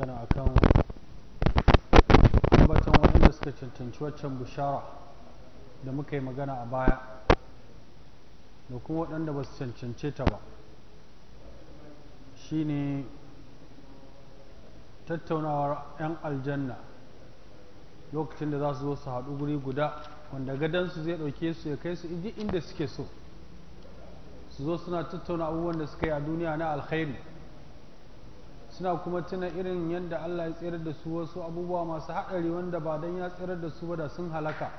magana akan ambatan waɗanda suka cancanci waccan bishara da muka yi magana a baya da kuma waɗanda ba su cancance ta ba shine tattaunawar 'yan aljanna lokacin da za su zo su haɗu guri guda wanda gadansu zai ɗauke su ya kai su inda suke so su zo suna tattauna abubuwan da suka yi a duniya na alkhairi suna kuma tuna irin yadda Allah ya tsirar da su wasu abubuwa masu haɗari wanda ba don ya tsirar da su ba da sun halaka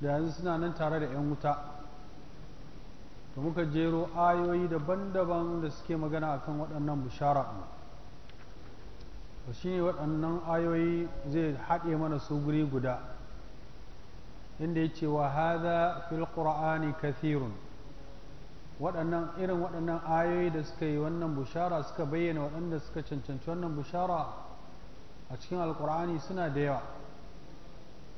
da yanzu suna nan tare da 'yan wuta da muka jero ayoyi daban-daban da suke magana akan waɗannan bishara to shine waɗannan ayoyi zai haɗe mana su guri guda inda ya ce wa hadha fil ƙura'ani kathirun waɗannan irin waɗannan ayoyi da suka yi wannan bushara suka bayyana waɗanda suka cancanci wannan bushara a cikin alkur'ani suna da yawa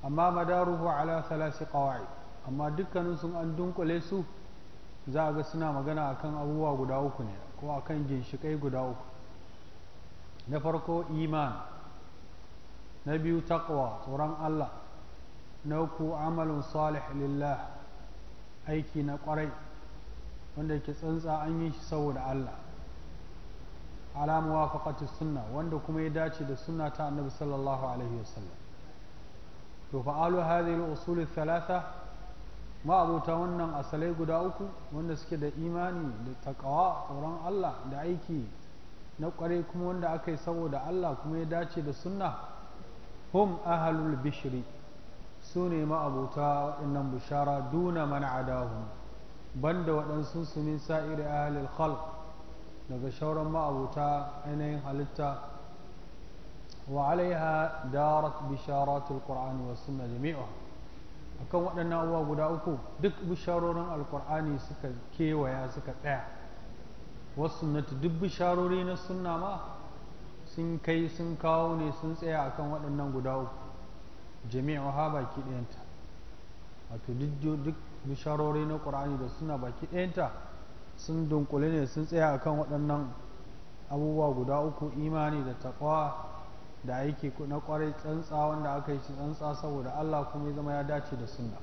amma madaruhu ala thalasi qawai amma dukkanin sun an dunkule su za a ga suna magana akan abubuwa guda uku ne ko akan ginshikai guda uku na farko iman na biyu taqwa tsoron Allah na uku amalin salih lillah aiki na kwarai wanda yake tsantsa an yi shi saboda Allah ala muwafaqati sunna wanda kuma ya dace da sunna ta annabi sallallahu alaihi wasallam to alu hadhihi al-usul thalatha ma abuta wannan asalai guda uku wanda suke da imani da taqwa tsoron Allah da aiki na kware kuma wanda aka yi saboda Allah kuma ya dace da sunna hum ahlul bishri su ne ma'abuta waɗannan bishara duna man adahum banda waɗansu su min sa'iri ahlil khalq daga shauran ma'abuta ainihin halitta wa alaiha darat bisharatul qur'ani was sunna jami'a akan waɗannan abubuwa guda uku duk bisharorin alqur'ani suka kewaya suka tsaya wasu sunnati duk bisharori na sunna ma sun kai sun kawo ne sun tsaya akan waɗannan guda uku jami'a ha baki ɗayanta wato duk bisharori na ƙur'ani da suna baki ɗayanta sun dunkule ne sun tsaya akan waɗannan abubuwa guda uku imani da taƙwa da aiki na ƙwarai tsantsa wanda aka yi shi tsantsa saboda Allah kuma ya zama ya dace da sunna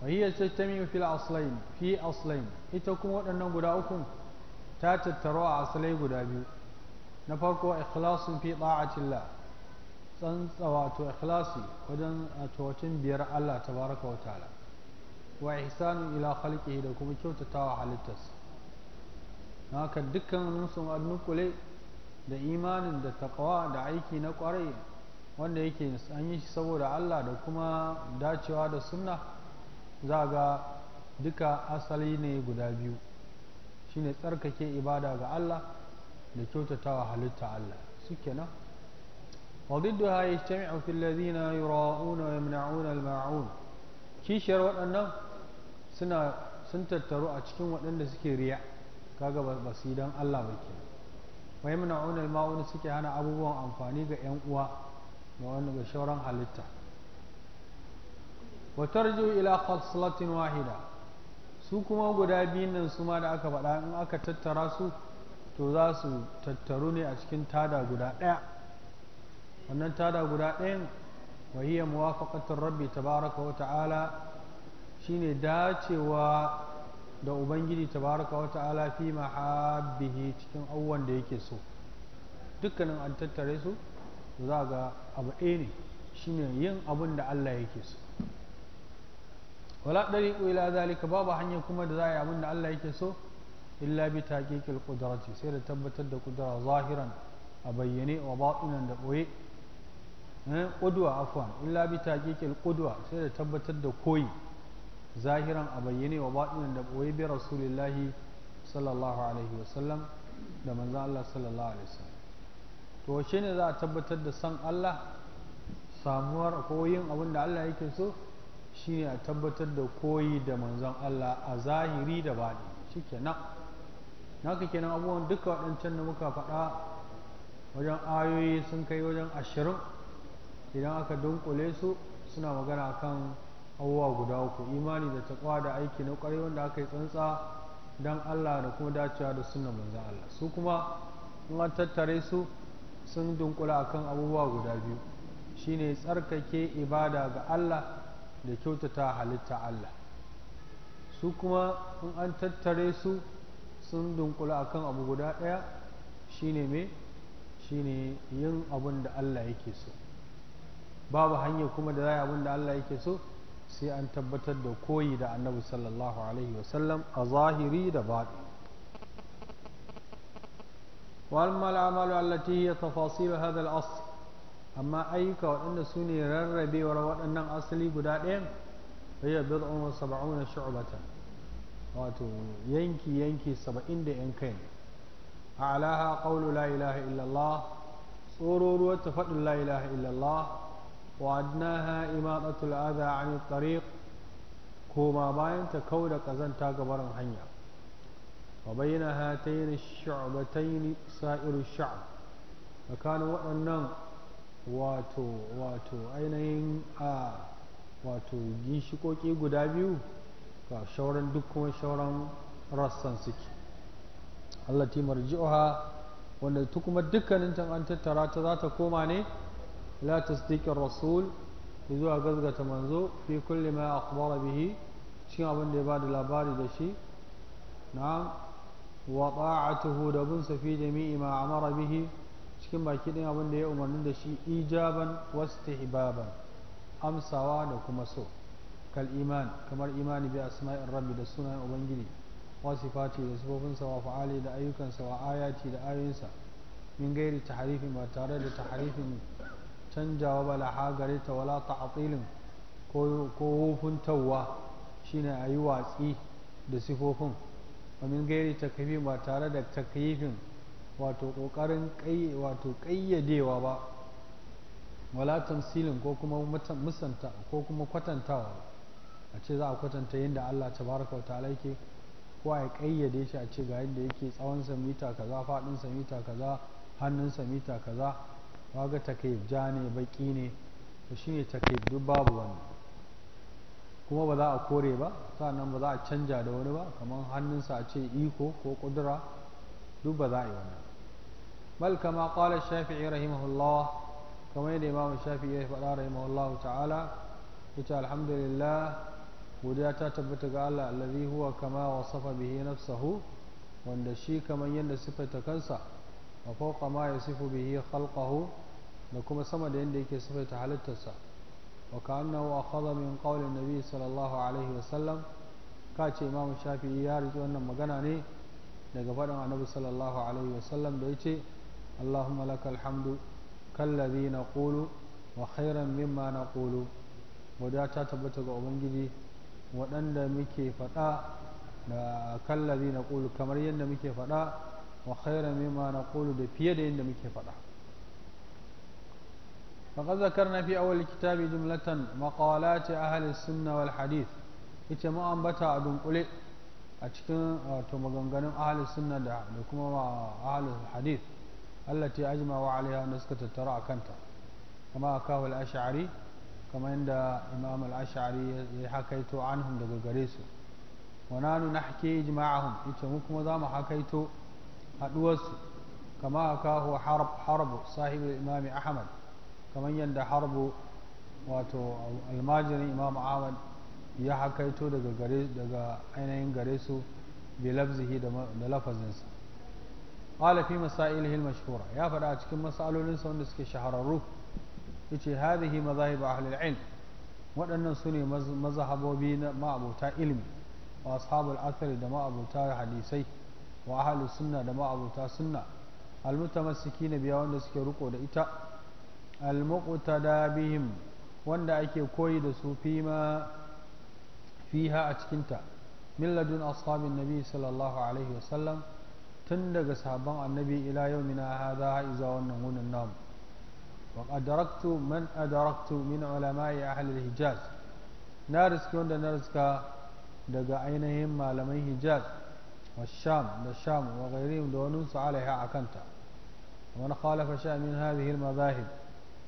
wahiyar tattami fil aslain fi aslain ita kuma waɗannan guda uku ta tattaro a asalai guda biyu na farko ikhlasun fi ta'atillah tsantsa wato ikhlasi wajen eh, tawacin biyar Allah ta baraka wa ta'ala wa ihsanu ila khalqihi da kuma kyautata kyautatawa halittarsa haka dukkan sun annukule da imanin da taqwa da aiki na kwarai wanda yake an yi shi saboda Allah da kuma dacewa da sunna za ga duka asali ne guda biyu shine tsarkake ibada ga Allah da kyautata wa halitta Allah suke nan وضدها يجتمع في الذين يراءون ويمنعون الماعون kishiyar waɗannan sun tattaru a cikin waɗanda suke riya kaga ba su don Allah ba ke wai muna unar ma'un suke hana abubuwan amfani ga 'yan uwa da wani ga shauran halitta wa tarju ila khaslatin wahida su kuma guda biyun nan su ma da aka faɗa in aka tattara su to za su tattaru ne a cikin tada guda ɗaya wannan tada guda ɗayan wahiyar muwafaƙatar rabbi tabaraka wa ta'ala shine dacewa da ubangiji tabaraka wa ta'ala fi mahabbihi cikin abubuwan da yake so dukkanin an tattare su za ga abu ɗaya ne shine yin abin da Allah yake so wala ɗari ila zalika babu hanyar kuma da za a yi abin da Allah yake so illa bi taqiqil qudrati sai da tabbatar da kudura zahiran a bayyane wa batinan da ɓoye Eh, ƙudwa afwan illa ta taqiqil ƙudwa sai da tabbatar da koyi zahiran a bayyane wa baɗin da boye bi rasulillahi sallallahu alaihi wasallam da manzo Allah sallallahu alaihi wasallam to shi ne za a tabbatar da san Allah samuwar koyin abin da Allah yake so shine a tabbatar da koyi da manzon Allah a zahiri da baɗi shikenan naka kenan abubuwan duka waɗancan da muka faɗa wajen ayoyi sun kai wajen ashirin idan aka dunkule su suna magana kan abubuwa guda uku imani da takwa da aiki na kwarai wanda aka yi tsantsa don Allah da kuma dacewa da suna manza Allah su kuma in an tattare su sun dunkula akan abubuwa guda biyu shine tsarkake ibada ga Allah da kyautata halitta Allah su kuma in an tattare su sun dunkula akan abu guda ɗaya shine me shine yin abun da Allah yake so babu hanyar kuma da za abin da Allah yake so sai an tabbatar da koyi da annabi sallallahu alaihi wasallam a zahiri da baɗi wal amalu allati hiya tafasil hadha al amma ayyuka waɗanda sune ne rarrabewar waɗannan asali guda ɗaya hiya bid'un wa sab'una shu'batan wato yanki yanki 70 da yankai a'laha qawlu la ilaha illa allah ruwa ta faɗin la ilaha illa وأدناها إماطة الأذى عن الطريق كوما باين تكود قزن تاقبر حنيا وبين هاتين الشعبتين سائر الشعب فكان وأنن واتو واتو أينين آه واتو جيشكوكي قدابيو فشورا دكما شورا rassan suke allati marji'uha wanda ta kuma dukkanin an tattara ta za ta koma ne ila tasdiqin rasul zuwa gazgata manzo fi kulli ma akhbara bihi cikin abin da ya bada labari da shi na'am wa ta'atuhu da bin sa fi jami'i ma amara bihi cikin baki din abin da ya umarni da shi ijaban wastihbaban amsawa da kuma so kal iman kamar imani bi asma'ir rabbi da sunan ubangiji wa sifati da sifofinsa wa fa'ali da ayyukansa wa ayaci da ayoyinsa min gairi tahrifin ma tare da tahrifin canjawa ba laha gare ta wala ta'atilin ko hufuntawa shine a yi watsi da sifofin amin gairi kafi ba tare da takyifin wato kokarin kayyadewa ba wala tamsilin ko kuma musanta ko kuma kwatantawa a ce za a kwatanta yadda Allah ta wa ta'ala yake ko a kayyade shi a ce ga yadda yake tsawon sa mita kaza fadin sa mita kaza hannun sa mita kaza kaga take ja ne baki ne to shi ne duk babu wani kuma ba za a kore ba sannan ba za a canja da wani ba kamar hannunsa a ce iko ko kudura duk ba za a yi wannan bal kama qala shafi'i rahimahullah kamar yadda imamu shafi'i ya faɗa rahimahullah ta'ala yace alhamdulillah godiya ta tabbata ga Allah allazi huwa kama wasafa bihi nafsahu wanda shi kamar yadda siffata kansa wa fawqa ma yasifu bihi khalqahu da kuma sama da yanda yake sifaita halittarsa wa ka'annahu akhadha min qawli nabi sallallahu alaihi wasallam ka ce imam shafi ya riki wannan magana ne daga faɗin annabi sallallahu alaihi wasallam da yace allahumma lakal hamdu kallazi naqulu wa khairan mimma naqulu godiya ta tabbata ga ubangiji waɗanda muke faɗa da kallazi naqulu kamar yadda muke faɗa wa khaira mimma naqulu da fiye da yadda muke faɗa faqad zakarna fi awwal kitabi jumlatan maqalati ahli sunna wal hadith ita ma ambata a dunkule a cikin wato maganganun ahli sunna da kuma ahli hadith allati ajma'u alaiha da suka tattara kanta. kama akahu al-ash'ari kama inda imam al-ash'ari ya hakaito anhum daga gare su wa nanu nahki ijma'ahum ita mu kuma zamu hakaito haɗuwarsu kama a kaho harbu sahibul imami ahmad kamar yadda harbu wato almajirin imam ahmad ya hakaito daga daga ainihin gare su bi da lafazinsa qala fi masailihi mashhura ya faɗa a cikin masalolinsa wanda suke shahararru ce hadihi mazahib ahli ilm waɗannan su ne mazhabobi na ma'abuta ilmi wa ashabul athari da ma'abuta hadisai wa ahli sunna da ma'abuta sunna almutamassikina biya wanda suke riko da ita almuqtada bihim wanda ake koyi da su fima fiha a cikinta min ladun ashabin nabi sallallahu alaihi wasallam tun daga sabon annabi ila yaumina hadha iza wannan wunin namu وقد أدركت من أدركت من علماء na الحجاز wanda na نارسك daga ainihin malaman حجاز والشام والشام وغيرهم دونوس عليها عكنتا ومن خالف شيئا من هذه المذاهب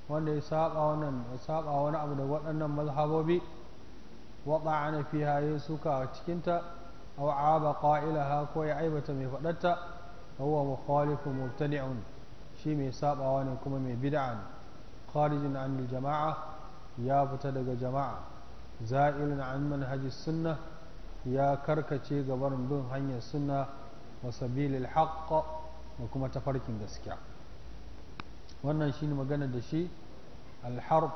وأن إصاب أو نن إصاب أو نعبد وأن مذهب بي وطعن فيها يسوكا وتكنتا أو عاب قائلها كوي عيبة مفقدتا هو مخالف مبتدع شي مي صاب أو كما من بدعا خارج عن الجماعة يا فتدق جماعة زائل عن منهج السنة ya karkace gabarin bin hanyar sunna wa sabilil haqq da kuma tafarkin gaskiya wannan ne magana da shi alharb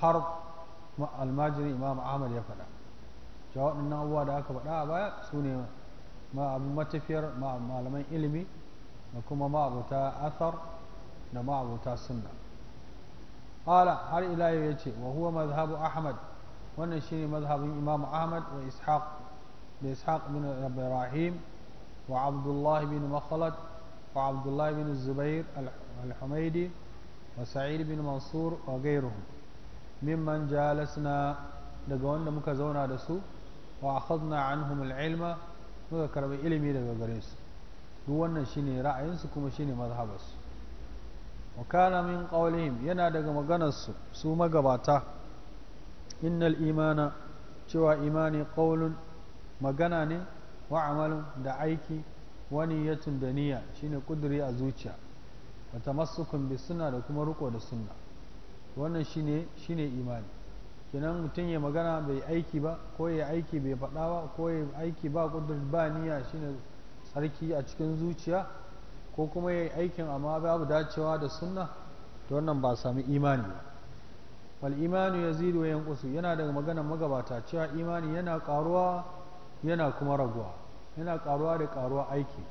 harb almajirin almajiri imam ahmad ya faɗa cewa waɗannan abubuwa da aka faɗa a baya su ne ma abin matafiyar malaman ilimi da kuma ma'abuta athar da ma'abuta sunna qala har ila ya ce wa huwa mazhabu ahmad wannan shine mazhabin imam ahmad wa ishaq لإسحاق بن إبراهيم وعبد الله بن مخلد وعبد الله بن الزبير الحميدي وسعيد بن منصور وغيرهم ممن جالسنا دقون مكزونا دسو وأخذنا عنهم العلم مذكر بإلمي دقريس دوانا شيني رأيين سكوم شيني مذهبس وكان من قولهم ينا دقم غنس سوما قباتا إن الإيمان شوى إيماني قول magana ne wa da aiki wani ya da niyya shine kuduri a zuciya wa tamassukun bi sunna da kuma riko da sunna wannan shine shine imani kenan mutum ya magana bai aiki ba ko ya aiki bai faɗa ba ko ya aiki ba kuduri ba niyya shine sarki a cikin zuciya ko kuma ya aikin amma babu dacewa da sunna to wannan ba sami imani ba wal ya yazidu wa yanqusu yana daga magana magabata cewa imani yana karuwa yana kuma raguwa yana karuwa da karuwa aiki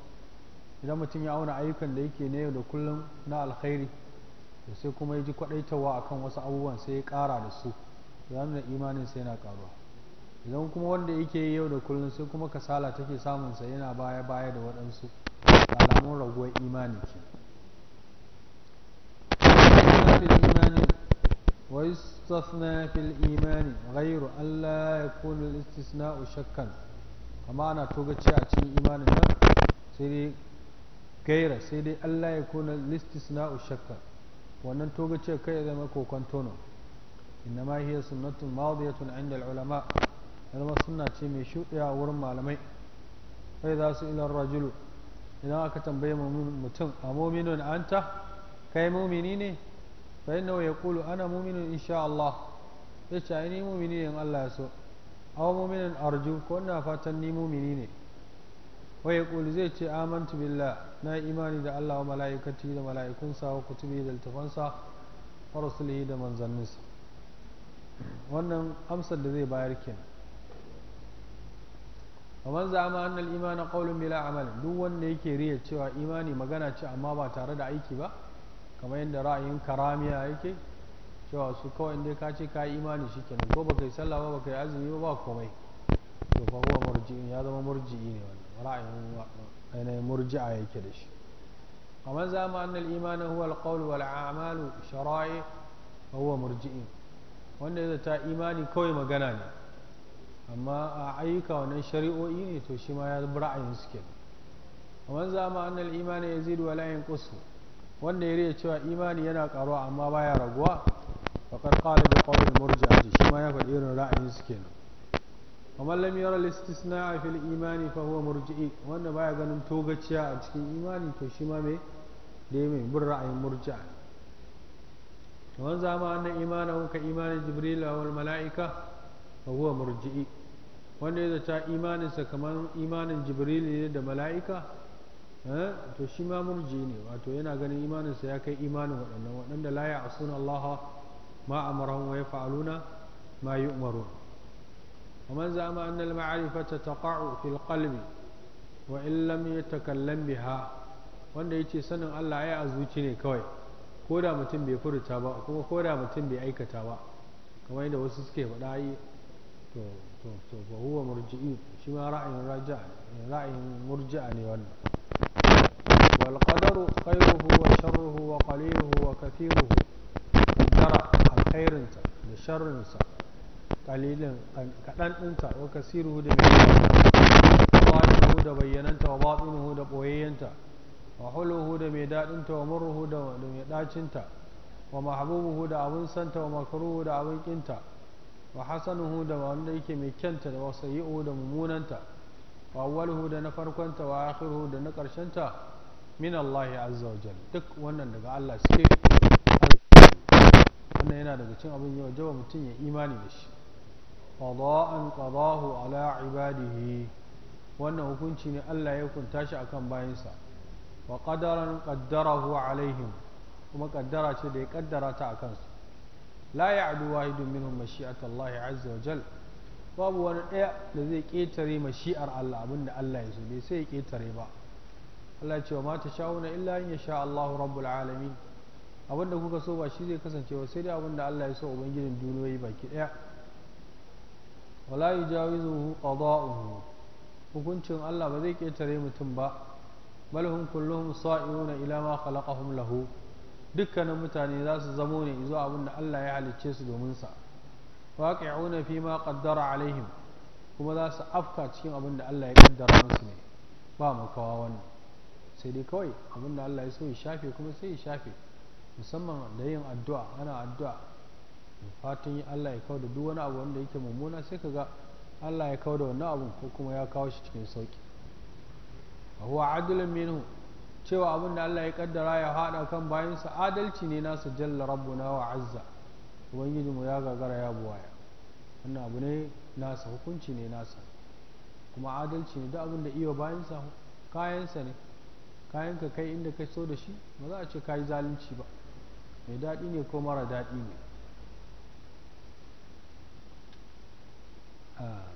idan mutum ya auna ayyukan da yake yau da kullum na alkhairi da sai kuma ya ji kwadaitawa akan wasu abubuwan sai ya kara da su ya nuna imanin sai yana karuwa idan kuma wanda yake yau da kullum sai kuma kasala take samun sa yana baya baya da waɗansu alamun raguwar imani ke ويستثنى في الإيمان غير أن لا يكون الاستثناء شكا amma ana togace a cikin imanin nan sai dai gaira sai dai Allah ya kuna listis na ushakka wannan togace kai ya zama kokon tono inna ma hiya sunnatun madiyatun inda ulama zama sunna ce mai shuɗiya a wurin malamai sai za su ilan rajulu idan aka tambaye mutum a muminun anta kai mumini ne fa innahu yaqulu ana muminun insha Allah yace ai ni mumini ne in Allah ya so aw mu'minin arju ko ina fatan ni mu'mini ne wa kuli zai ce amantu billah na imani da Allah wa malaikati da malaikunsa wa kutubi da littafansa wa rasulihi da manzanninsa wannan amsar da zai bayar ki. wa man za'ama anna al qawlun bila amal duk wanda yake riya cewa imani magana ce amma ba tare da aiki ba kamar yadda ra'ayin karamiya yake cewa su kawai dai ka ce ka yi imani shi kenan ko baka yi sallah ba baka yi azumi ba ba komai to fa huwa murji'in ya zama murji'i ne wannan ra'ayin ainihin murji'a yake da shi amma za mu annal imani huwa alqawl wal a'malu shara'i fa huwa murji'in wanda ya ta imani kawai magana ne amma a ayyuka wannan shari'o'i ne to shi ma ya zama ra'ayin su kenan amma za mu annal imani yazidu wa la yanqusu wanda ya riya cewa imani yana karuwa amma baya raguwa faƙar ƙala bi ƙaunar murji'ati shi ma ya faɗi irin ra'ayin su kenan kamar lam yara na a fil imani fa huwa murji'i wanda baya ganin togaciya a cikin imani to shi ma me dai mai bin ra'ayin murji'a wan zama annan imana ka imanin jibril wal mala'ika fa huwa murji'i wanda ya zata imaninsa kamar imanin jibril ne da mala'ika eh, to shi ma murji ne wato yana ganin imaninsa ya kai imanin waɗannan waɗanda la ya asuna allaha ما أمرهم ويفعلون ما يؤمرون ومن زعم أن المعرفة تقع في القلب وإن لم يتكلم بها wanda ya ce sanin Allah ya azuci ne kawai ko da mutum bai furta ba kuma ko da mutum bai aikata ba kamar yadda wasu suke faɗa yi to to to ba huwa murji'i shi ma ra'ayin raja'a ra'ayin murji'a ne wannan wal qadaru khayruhu wa sharruhu wa qaliluhu wa kathiruhu qadara alkhairinsa da sharrinsa kalilin kaɗan ɗinsa wa kasiruhu da mai da bayyananta wa baɗinuhu da ɓoyayyanta wa huluhu da mai daɗinta wa murruhu da mai ɗacinta wa mahabubuhu da abin santa wa makaruhu da abin ƙinta wa hasanuhu da wanda yake mai kyanta da wasu yi'u da mummunanta wa awwaluhu da na farkonta wa akhiruhu da na ƙarshenta min Allah azza wa duk wannan daga Allah suke wannan yana daga cin abin yau wa mutum ya imani da shi qada'an qadahu ala ibadihi wannan hukunci ne Allah ya hukunta shi akan bayansa wa qadaran qaddarahu alaihim kuma kaddara ce da ya kaddara ta akan su la ya'du wahidun minhum mashi'at Allah azza wa jal babu wani ɗaya da zai ƙetare mashi'ar Allah abinda Allah ya so bai sai ya ƙetare ba Allah ya ce wa ma tashauna illa in yasha Allahu rabbul alamin abin da kuka so ba shi zai kasance ba sai dai abin da Allah ya so ubangijin duniyoyi baki daya wala yujawizuhu qada'uhu hukuncin Allah ba zai ketare mutum ba bal hum kulluhum sa'iruna ila ma khalaqahum lahu dukkanin mutane za su zamo ne zuwa abin Allah ya halicce su domin sa waqi'una fi ma qaddara alaihim kuma za su afka cikin abin Allah ya kaddara musu ne ba makawa wannan sai dai kawai abin da Allah ya so ya shafe kuma sai ya shafe musamman da yin addu'a ana addu'a fatan Allah ya kawo da duk wani abu wanda yake mummuna sai ka ga Allah ya kawo da wannan abu ko kuma ya kawo shi cikin sauki huwa adlan minu cewa abin da Allah ya kaddara ya haɗa kan bayansa adalci ne nasu jalla rabbuna wa azza ubangiji mu ya gagara ya buwaya wannan abu ne nasa hukunci ne nasa kuma adalci ne duk abin da iya bayansa kayansa ne kayanka kai inda ka so da shi ba za a ce ka yi zalunci ba mai daɗi ne ko mara daɗi ne ah,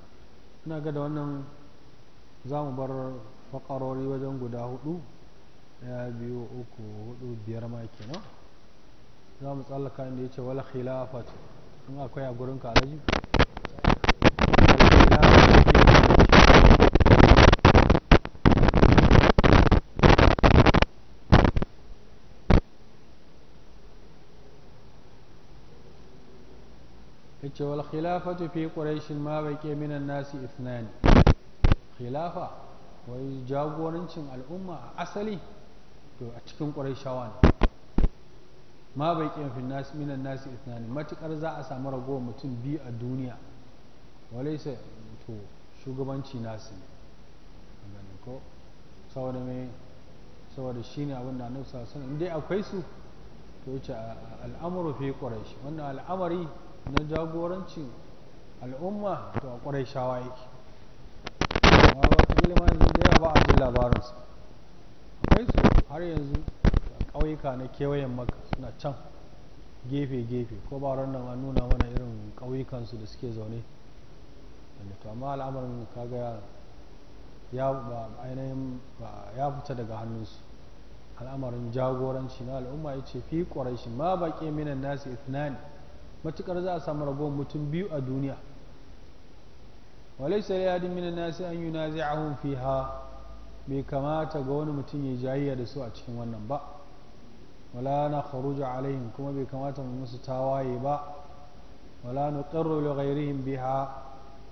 ina ga da wannan za mu bar fakarori wajen guda hudu ya biyu uku hudu biyar ma kenan za mu tsallaka inda ya ce wala khilafat in akwai a gurinka alaji yace wal khilafatu fi quraish ma baqiya minan nasi ithnan khilafa wai jagorancin al'umma a asali to a cikin quraishawa ne ma baqiya fi nas minan nasi ithnan matukar za a samu ragowar mutum biyu a duniya walaysa to shugabanci nasu ne ko saboda me saboda shine abin da annabi sallallahu alaihi wasallam dai akwai su to yace al'amru fi quraish wannan al'amari na jagorancin al'umma to a ƙwarai shawa yake amma gili ma yanzu da ba a jin labarinsa akwai su har yanzu a ƙauyuka na kewayen maka suna can gefe-gefe ko ba ran nan an nuna mana irin ƙauyukansu da suke zaune to amma al'amarin kaga ya ainihin ba ya fita daga hannunsu al'amarin jagoranci na al'umma ya ce fi ƙwarai shi ma baƙi minan nasu ithnani matukar za a samu ragowar mutum biyu a duniya walaisa ya yadin minan nasi an yi fi fiha bai kamata ga wani mutum ya jayayya da su a cikin wannan ba wala na kharuja alaihim kuma bai kamata mu musu tawaye ba wala na ƙarro da biha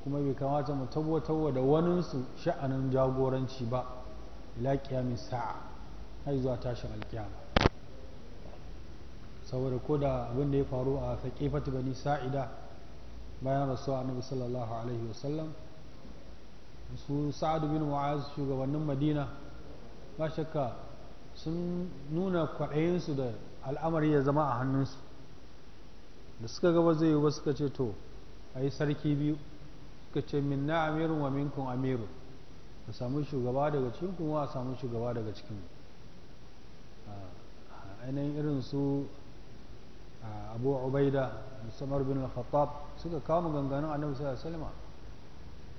kuma bai kamata mu tabbatarwa da waninsu sha'anin jagoranci ba ila kiyamin sa'a har zuwa tashin alkiyama saboda ko da abin da ya faru a saƙifatu bani sa'ida bayan rasuwa annabi sallallahu alaihi wasallam su sa'adu bin mu'az shugabannin madina ba shakka sun nuna kwaɗayinsu da al'amari ya zama a hannunsu da suka gaba zai yi ba suka ce to a yi sarki biyu suka ce min na amirun wa minkun amiru a samu shugaba daga cikin kuma a samu shugaba daga cikin ainihin irin su abu ubaida musamman bin al-khattab suka kama ganganun annabi sallallahu alaihi wasallam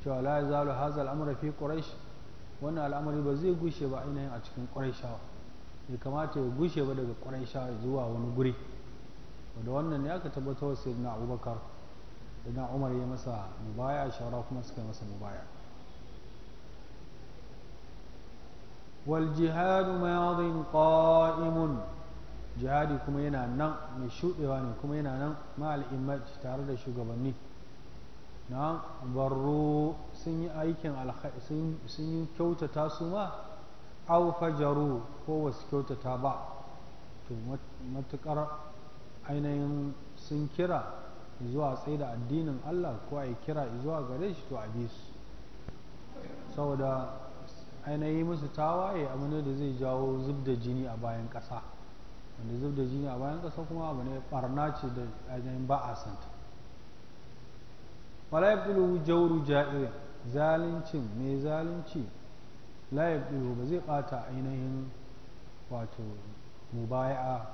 cewa la yazalu hadha al-amr fi quraish wannan al'amari ba zai gushe ba ainihin a cikin quraishawa bai kamata ya gushe ba daga quraishawa zuwa wani guri da wannan ne aka tabbatar wa sayyidina abubakar sayyidina umar ya masa mubaya shawara kuma suka yi masa mubaya والجهاد ماض قائم jihadi kuma yana nan mai shuɗewa ne kuma yana nan ma'al'immat tare da shugabanni na barro sun yi aikin sun yi kyautata su ma au fajaru ko wasu kyautata ba to matuƙar ainihin sun kira zuwa tsaye da addinin Allah ko a yi kira zuwa gare shi to a bi su saboda ainihin musu tawaye abu ne da zai jawo zub da jini a bayan ƙasa wanda zub da jini a bayan ƙasa kuma abu ne barna ce da ajiyar ba a santa wala ya yabdulu jauru ja'irin zalincin mai zalunci la yabdulu ba zai bata ainihin wato mubaya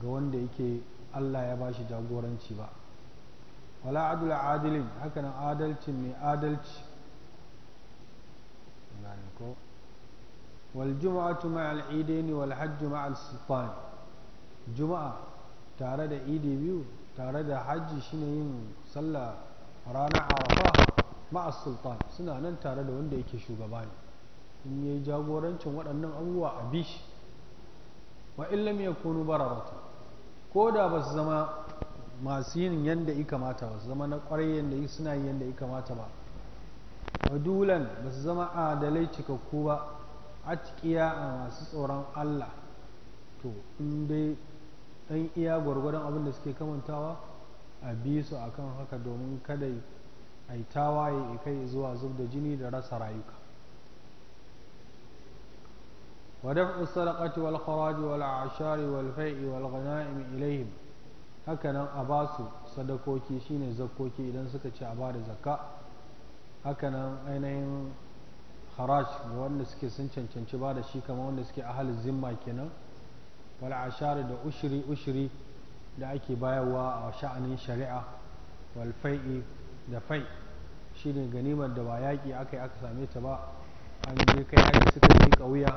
ga wanda yake Allah ya bashi jagoranci ba wala adul adilin hakanan adalcin mai adalci wal jum'atu ma'al idaini wal hajju ma'al sultani juma'a tare da idi biyu tare da hajji shine yin sallah ranar arafa ma'as sultan suna nan tare da wanda yake shugaba ne in yi jagorancin waɗannan abubuwa a bishi wa illam kunu bararatu ko da ba su zama masu yin yadda ya kamata ba su zama na kwarai yadda suna yin yadda ya kamata ba dulan ba su zama adalai cikakku ba a masu tsoron allah to in dai ɗan iya gwargwadon abin da suke kamantawa a bi su a kan haka domin kada a yi tawaye a kai zuwa zub da jini da rasa rayuka wadaf usalakati wal kharaji wal ashari wal fai'i wal ghana'im ilayhim haka nan a ba su sadakoki shine zakoki idan suka ci a ba da zakka haka nan ainihin ga wanda suke sun cancanci ba da shi kamar wanda suke ahalin zimma kenan wal ashar da ushiri ushiri da ake bayarwa a sha'anin shari'a wal fai'i da fai shine ganimar da ba yaƙi aka aka same ta ba an je kai aka suka yi ƙauya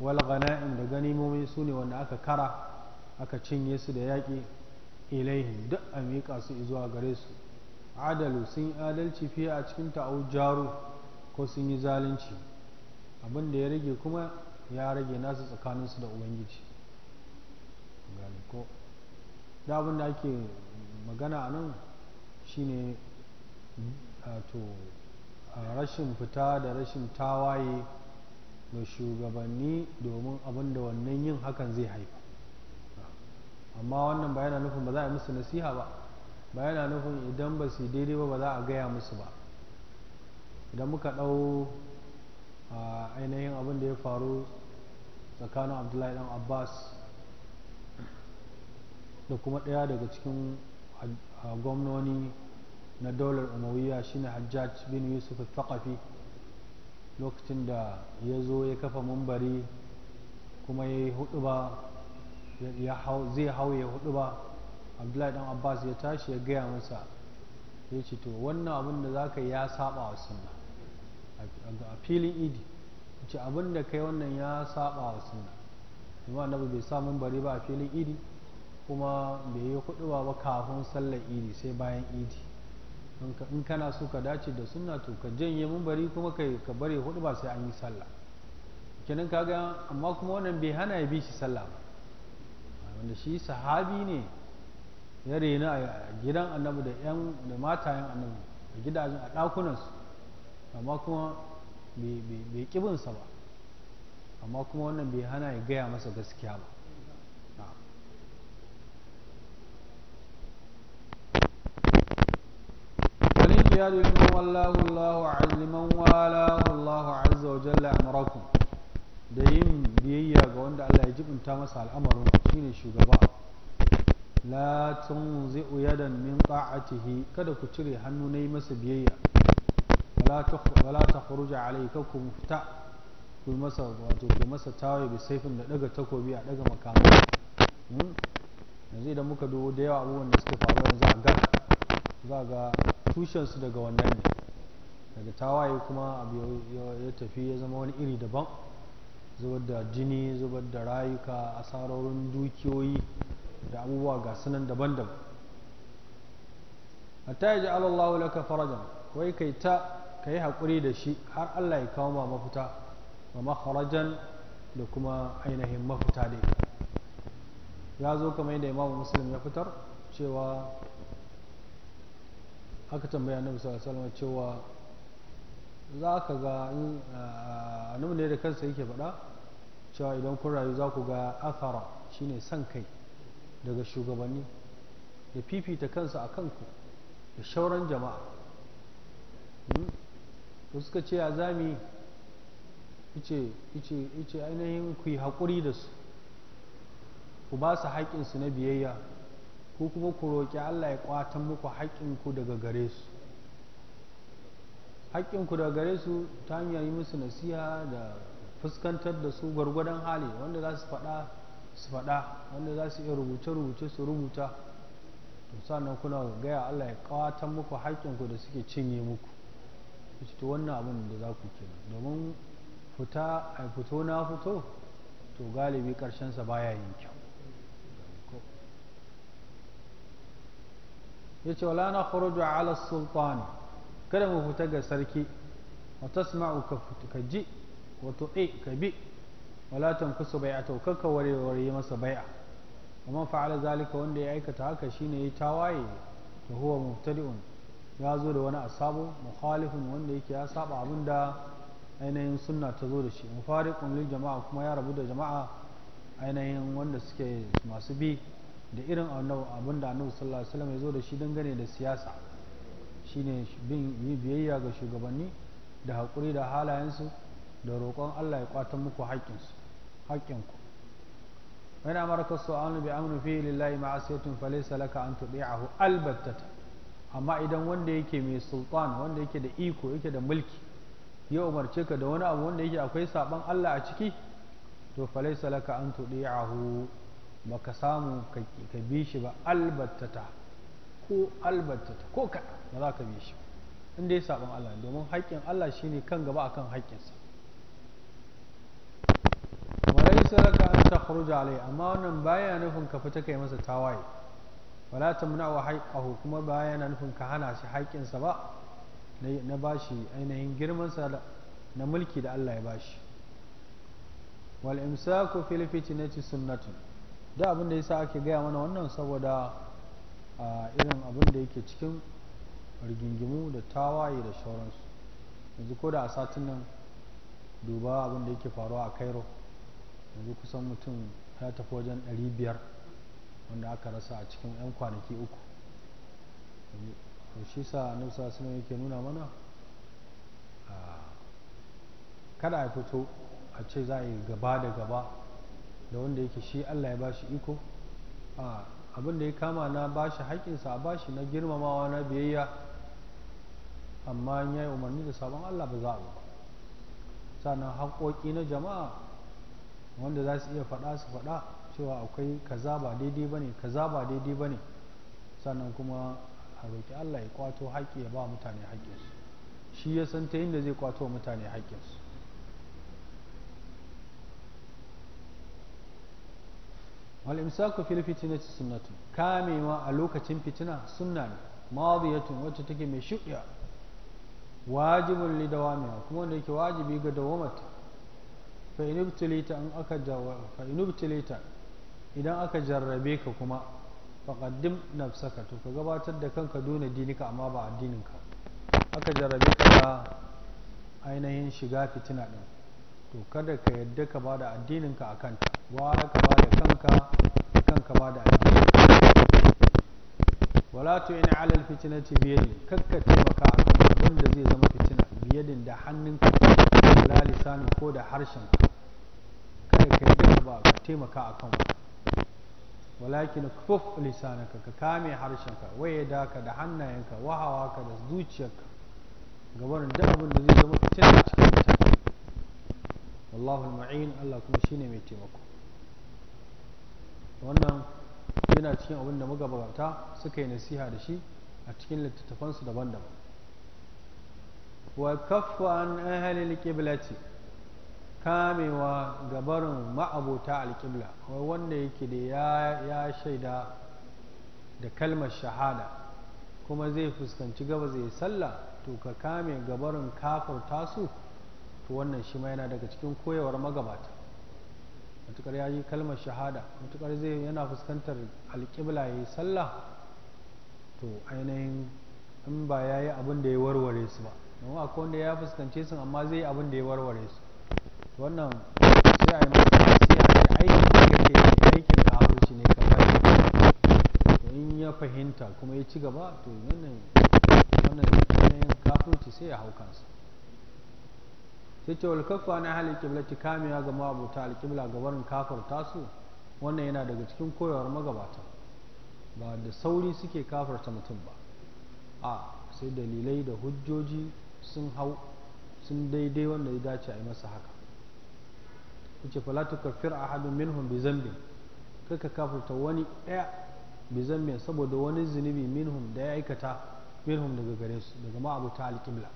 wal ghana'im da ganimomi su ne wanda aka kara aka cinye su da yaƙi ilaihim duk a miƙa su zuwa gare su adalu sun yi adalci fiye a cikin ta'au jaru ko sun yi zalunci abin da ya rage kuma ya rage nasu tsakaninsu da ubangiji da abin da ake magana a nan shine to rashin fita da rashin tawaye ga shugabanni domin abin da wannan yin hakan zai haifa amma wannan ba yana nufin ba za a yi musu nasiha ba ba yana nufin idan ba su daidai ba ba za a gaya musu ba idan muka ɗau ainihin abin da ya faru tsakanin abdullahi dan abbas da kuma ɗaya daga cikin gwamnoni na daular umawiya shine hajjaj bin yusuf al-thaqafi lokacin da ya zo ya kafa mumbari kuma ya yi hudu ba zai hau ya hudu ba abdullahi dan abbas ya tashi ya gaya masa ya ce to wannan abin da za ka ya saba wa sunna a filin idi ce abin da kai wannan ya saba wa sunna amma annabi bai sa mumbari ba a filin idi kuma bai yi huduba ba kafin sallar idi sai bayan idi in kana so ka dace da suna to ka janye bari kuma ka bari bare ba sai an yi sallah kenan kaga amma kuma wannan bai hana ya bi shi sallah ba wanda shi sahabi ne ya rena a gidan annabi da yan da matayen annabi a gidajen a ɗakunansu amma kuma bai ƙibinsa ba amma kuma wannan bai hana ya gaya masa gaskiya ba الرجال لمن والله الله لمن والاه الله عز وجل أمركم da yin biyayya ga wanda Allah ya jibinta masa al'amarin shine shugaba la tunzi'u yadan min ta'atihi kada ku cire hannu nayi masa biyayya wala takhruja alaykakum fita ku masa wato ku masa tawaye bi da daga takobi a daga makamai yanzu idan muka dubo da yawa abubuwan da suke faru yanzu a ga ga tushensu daga wannan ne daga tawaye kuma abu ya tafi ya zama wani iri daban zubar da jini zubar da rayuka asarorin dukiyoyi da abubuwa ga sunan daban-daban ta yi ji alallahu laka farajan wai kai ta ka yi haƙuri da shi har allah ya kawo ma mafita ma maharajan da kuma ainihin mafita dai ya zo kamar yadda imamu musulun ya fitar cewa aka tambaya na sallallahu alaihi cewa za ka ga eh, annabi ne da kansa yake faɗa cewa idan kun rayu za ku ga athara shine san kai daga shugabanni da fifita kansa a kanku da shauran jama'a da hmm? suka ce a zami ice ice ainihin ku yi haƙuri da su ku ba su haƙƙinsu na biyayya ko kuma ku roƙi Allah ya ƙwatan muku haƙƙinku daga gare su haƙƙinku daga gare su ta hanyar yi musu nasiha da fuskantar da su gwargwadon hali wanda za su faɗa su faɗa wanda za su iya rubuce-rubuce su rubuta to sannan kuna gaya Allah ya ƙwatan muku haƙƙinku da suke cinye muku to wannan abin da za ku kenan domin fita a fito na fito to galibi ƙarshensa baya yin kyau ya ce wala na khuruju ala sultani kada mu fita ga sarki wa tasma'u ka ka ji wa tu'i ka bi wala tankusu bai'ata kakka wareware masa bai'a amma fa'ala zalika wanda ya aikata haka shine ya tawaye to huwa mubtadi'un ya zo da wani a asabu mukhalifun wanda yake ya saba abinda ainihin sunna ta zo da shi mufariqun lil jama'a kuma ya rabu da jama'a ainihin wanda suke masu bi da irin abin da annabi sallallahu alaihi wasallam ya zo da shi dangane da siyasa shine bin yi biyayya ga shugabanni da hakuri da halayensu da roƙon Allah ya kwatan muku haƙƙinsu haƙƙinku wani amarka su'anu bi amru fi lillahi fa laysa laka an tudi'ahu albatta amma idan wanda yake mai sultan wanda yake da iko yake da mulki ya umarce ka da wani abu wanda yake akwai saban Allah a ciki to laysa laka an tudi'ahu baka samu ka bi shi ba albattata ko albattata ko ka ba za ka bi shi in dai saɓon Allah domin haƙƙin Allah shi ne kan gaba akan haƙƙinsa walaisa raka an takhruja alai amma wannan baya nufin ka fita kai masa tawaye wala wa haqqahu kuma baya nufin ka hana shi haƙƙinsa ba na bashi ainihin girmansa na mulki da Allah ya bashi wal imsaku na ci sunnatun da abin da yasa ake gaya mana wannan saboda a irin abin da yake cikin rigingimu da tawaye da shauransu yanzu ko da a satin nan duba abin da yake faruwa a cairo yanzu kusan mutum ya tafi wajen 500 wanda aka rasa a cikin 'yan kwanaki uku shi sa annabi suna yake nuna mana kada a fito a ce za a yi gaba da gaba da wanda yake shi Allah ya bashi iko abin da ya kama na bashi haƙinsa a bashi na girmamawa na biyayya amma in ya yi umarni da sabon Allah ba za a ba sannan haƙoƙi na jama'a wanda za su iya faɗa su faɗa cewa akwai kaza ba daidai ba ne kaza ba daidai ba ne sannan kuma a roƙi Allah ya kwato haƙƙi ya ba mutane haƙƙinsu shi ya san ta yin da zai kwato mutane haƙƙinsu wal imsaku fil fitnati sunnatu kamewa a lokacin fitina sunna ne madiyatun wacce take mai shuɗiya wajibun li kuma wanda yake wajibi ga dawamata fa inubtilita an aka fa inubtilita idan aka jarrabe ka kuma faqaddim nafsaka to ka gabatar da kanka duna dinika amma ba addininka aka jarrabe ka ainihin shiga fitina din to kada ka yadda ka ba da addininka a kanta wara ka ba da kanka da kanka ba da addini wala to yana alal fitina ci biyadin kakka taimaka a kan da zai zama fitina biyadin da hannunka wala lisanin ko da harshen kada ka yadda ka ba ka taimaka a kan walakin kuf lisanaka ka kame harshenka waye daka, da hannayenka wahawa ka da zuciyarka gabanin duk abin da zai zama fitina a cikin wallahu ma'in Allah kuma shine mai taimako wannan yana cikin abin da magabata suka yi nasiha da shi a cikin littattafansu daban-daban wa kaffu an ahalil qiblati kamewa gabarin ma'abota al-qibla wai wanda yake da ya shaida da kalmar shahada kuma zai fuskanci gaba zai sallah to ka kame gabarin kafar tasu to wannan shi ma yana daga cikin koyawar magabata matukar ya yi kalmar shahada matukar zai yana fuskantar alƙibla ya yi sallah to ainihin in ba ya yi abin da ya warware su ba don akwai wanda ya fuskance su amma zai yi abin da ya warware su wannan sai a yi aiki aikin da kake aikin da haruci ne to in ya fahimta kuma ya ci gaba to wannan wannan ci sai ya hau kansa sai ce wal kafa na halin ci kamewa ga ma'abuta alkibla ga barin kafar tasu wannan yana daga cikin koyawar magabata ba da sauri suke kafarta mutum ba a sai dalilai da hujjoji sun hau sun daidai wanda ya dace a yi masa haka yace falatu kafir ahadun minhum bi zambin kai ka kafarta wani ɗaya bi saboda wani zunubi minhum da ya aikata minhum daga gare su daga ma'abuta alkibla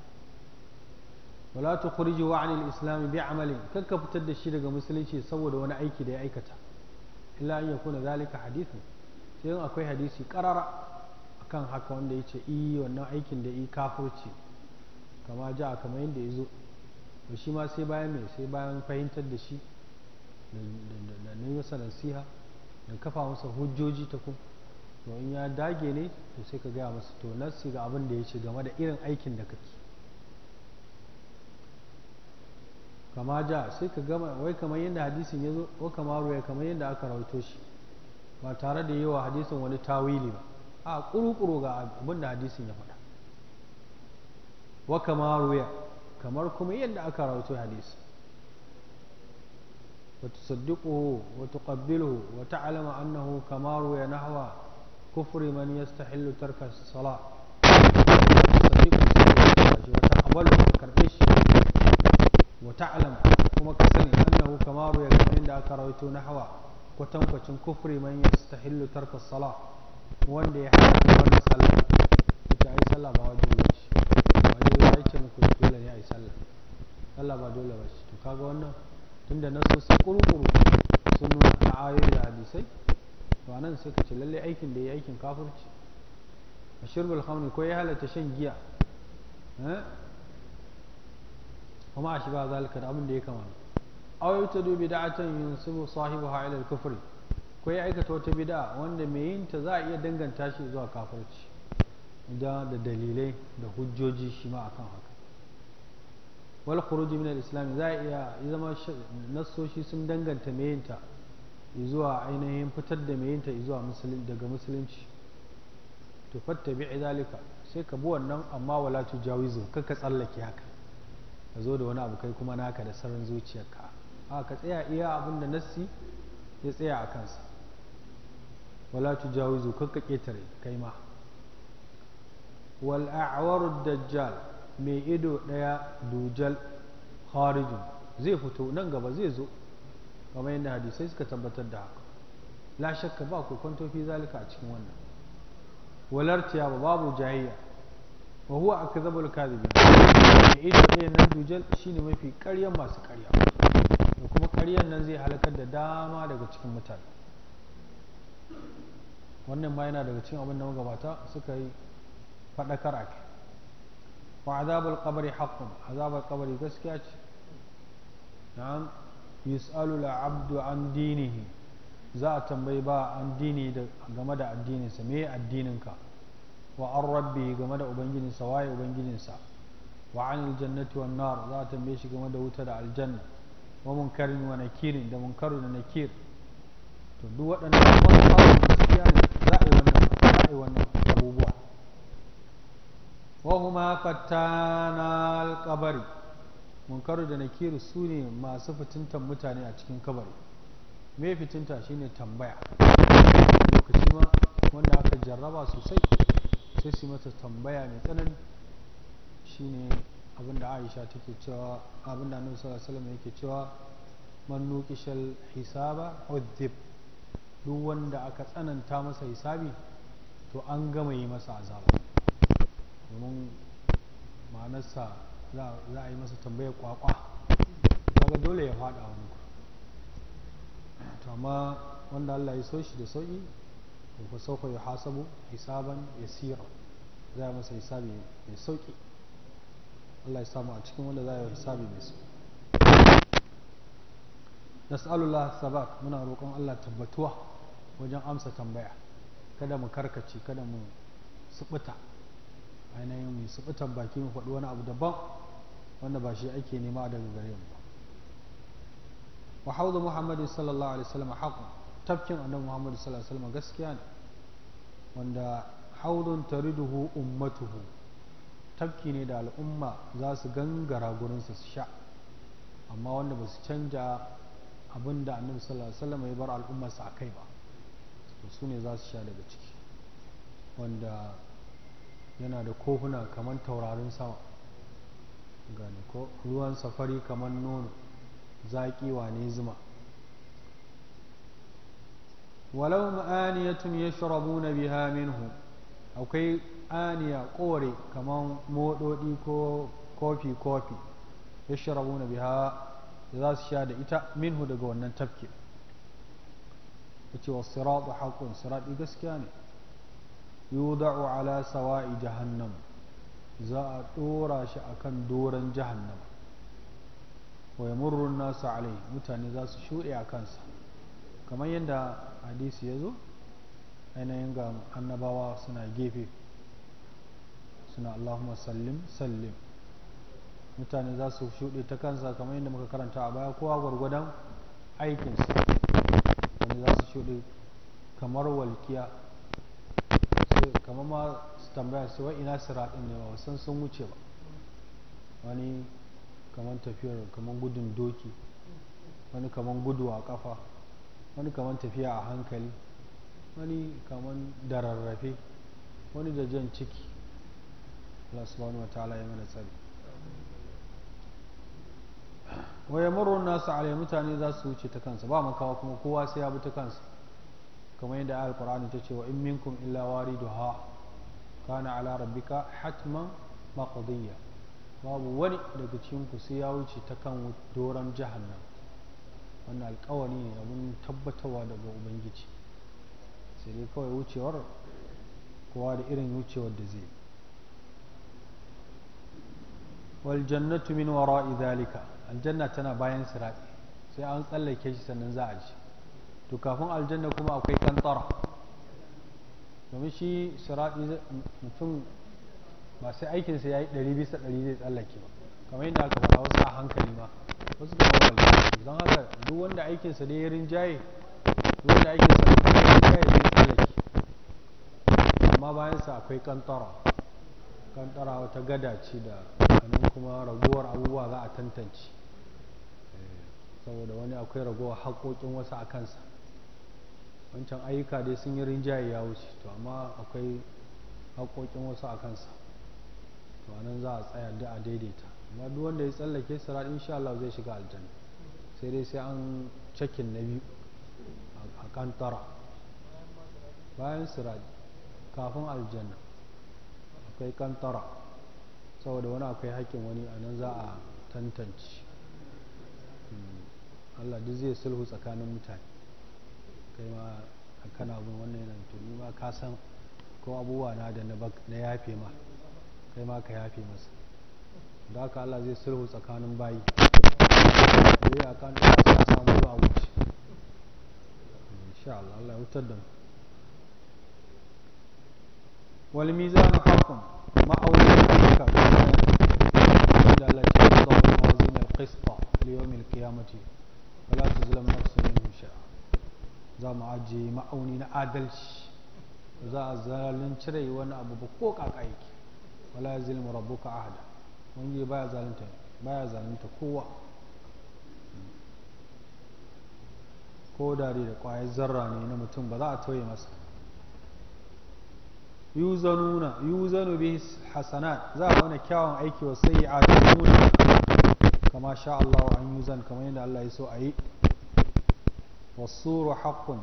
wala tukhrijuhu anil islam bi'amalin ka fitar da shi daga musulunci saboda wani aiki da ya aikata illa an yakuna zalika hadithu sai akwai hadisi karara akan haka wanda yace i wannan aikin da i kafirci kama ja kamar yadda ya zo to shi ma sai bayan mai sai bayan fahimtar da shi da na masa nasiha da kafa masa hujjoji ta kun to in ya dage ne to sai ka gaya masa to nassi ga abin da ya ce game da irin aikin da kake kama ja sai ka gama wai kamar yadda hadisin ya zo ko kama ruwa kamar yadda aka rawaito shi ba tare da yi wa hadisin wani tawili ba a kurukuru ga abin da hadisin ya faɗa wa kama ruwa kamar kuma yadda aka rawaito hadisin wa tusaddiquhu wa tuqabbiluhu wata alama annahu kamaru ya na hawa kufri man yastahillu tarka as-salat wa tusaddiquhu wa ta'abbalu karbishi wa kuma ka sani annahu kamaru ya kamar inda aka rawaito na hawa kwatankwacin kufri man yastahillu tarka sala wanda ya hana a ayoyi da hadisai ya shan giya eh? kuma a shi ba zalika da abin da ya kamata aw yutadu bid'atan yunsibu sahibaha ila al-kufr ko ya aikata wata bid'a wanda mai yin ta za a iya danganta shi zuwa kafirci da da dalilai da hujjoji shi ma akan haka wani khuruj min za a iya zama nassoshi sun danganta mai yin ta zuwa ainihin fitar da mai yin ta zuwa daga musulunci to fattabi zalika sai ka bi wannan amma wala tujawizu kaka tsallake haka ka zo da wani abu kai kuma naka da sarin zuciyarka a ka tsaya iya abin da nassi ya tsaya a kansa wala zo ka ketare kai ma wal a'waru dajjal mai ido daya dujal kharijun zai fito nan gaba zai zo kamar yadda hadisai suka tabbatar da haka la shakka ba ku kwantofi zalika a cikin wannan walar tiyaba babu jahiyya wa huwa akzabul kadhibin ido ɗaya nan dujal shine mafi ƙaryan masu ƙarya da kuma ƙaryan nan zai halakar da dama daga cikin mutane wannan ma yana daga cikin abin da magabata suka yi faɗakar ake wa azabul qabri haqqun azabul qabri gaskiya ce na'am yus'alu al-abdu an dinihi za a tambayi ba an dini game da addininsa me addininka wa an rabbi game da ubangijinsa waye ubangijinsa wa an aljannati wan nar za a tambaye shi game da wuta da aljanna wa munkarin wa nakirin da munkaru da nakir to duk waɗannan abubuwa gaskiya ne za a yi wannan za a yi wannan abubuwa wa huma fattana alqabari munkaru da nakiru su ne masu fitintan mutane a cikin kabari me fitinta shine tambaya lokaci ma wanda aka jarraba sosai sai su masa tambaya mai tsanani shine abinda Aisha take cewa abinda Annabi sallallahu alaihi yake cewa man nuqishal hisaba udhib duk wanda aka tsananta masa hisabi to an gama yi masa azaba domin ma'anarsa za a yi masa tambayar kwakwa kaga dole ya fada wani to amma wanda Allah ya so shi da sauki ko fa ya yuhasabu hisaban yasira za a masa hisabi mai sauki Allah ya samu a cikin wanda za a yi hisabi mai sauki nas'alullah sabak muna roƙon Allah tabbatuwa wajen amsa tambaya kada mu karkace kada mu subuta ainihin mu subutan baki mu faɗi wani abu daban wanda ba shi ake nema daga gare mu ba wa haudu muhammadin sallallahu alaihi wasallam haqqun tafkin annabi muhammad sallallahu alaihi wasallam gaskiya ne wanda haudun tariduhu ummatuhu tafki ne da al'umma za su gangara gurinsa su sha amma wanda ba su canja abin da annabi sallallahu alaihi wasallam ya bar al'ummarsa a kai ba to su ne za su sha daga ciki wanda yana da kohuna kamar taurarin sama gane ko ruwan safari kamar nono zaƙi wane zuma walau ma'aniyatun yashrabuna biha minhu akwai aniya kore kamar moɗoɗi ko kofi kofi ya sharabu na biha da za su sha da ita minhu daga wannan tafke ya ce wasu siratu haƙun siratu gaskiya ne yudau ala sawa'i jahannam za a ɗora shi a kan doron jahannam wa murrun nasu alai mutane za su shuɗe a kansa kamar yadda hadisi ya zo ainihin ga annabawa suna gefe suna allahumma sallim sallim mutane za su shuɗe ta kansa kamar yadda muka karanta a baya kowa gwargwadon aikinsa wani za su shuɗe kamar walkiya kamar ma su tambaya su wai ina siraɗin ne ba san sun wuce ba wani kamar tafiyar kamar gudun doki wani kamar gudu a kafa wani kamar tafiya a hankali wani kaman da rarrafe wani da jan ciki Allah subhanahu wa ta'ala ya mana tsari wa maro nasu alai mutane za su wuce ta kansa ba makawa kuma kowa sai ya bi ta kansa kamar yadda ayar qur'ani ta ce wa in minkum illa wari ka kana ala rabbika hatman maqdiya babu wani daga cikin sai ya wuce ta kan doron jahannam wannan alkawari ne abin tabbatarwa daga ubangiji sai dai kawai wucewar kowa da irin wucewar da zai wal min wara'i zalika aljanna tana bayan sirati sai an tsallake shi sannan za a ji to kafin aljanna kuma akwai kantsara domin shi sirati mutum ba sai aikinsa ya yi ɗari bisa ɗari zai tsallake ba kamar yadda aka faɗa wasu a hankali ma wasu kamar don haka duk wanda aikinsa ne ya rinjaye wanda ake sarrafa kayayyakin tsallake amma bayansa akwai kantara kantara wata gada ce da kanin kuma raguwar abubuwa za a tantance saboda wani akwai raguwar haƙoƙin wasu a kansa wancan ayyuka dai sun yi rinjaye ya wuce to amma akwai haƙoƙin wasu a kansa to anan za a tsaya da a daidaita amma duk wanda ya tsallake sirat insha Allah zai shiga aljanna sai dai sai an cakin na biyu kantara bayan siraji kafin aljanna akwai kantara saboda wani akwai haƙƙin wani a nan za a tantance hmm. Allah duk zai sulhu tsakanin mutane kai ma kana bin wannan yana tuni ma ka san ko abubuwa na da na yafe ma kai ma ka yafe masa da haka Allah zai sulhu tsakanin bayi a kan samu zuwa wuce insha Allah Allah ya wutar da mu wal mizan haqqun ma'auni ka da Allah ya ce Allah mawazin al li yawm al-qiyamati wala tuzlam nafsun min sha'a za mu aje ma'auni na adalci za a zalin cire wani abu ba ko kaka yake wala rabbuka ahada wanda baya zalunta baya zalunta kowa ko da da kwayar zarra ne na mutum ba za a toye masa yuzanuna yuzanu bi hasanat za a wani kyawun aiki wa sai sayyi'atu nuna kama sha Allah an yuzan kamar yadda Allah ya so a yi wasuru haqqun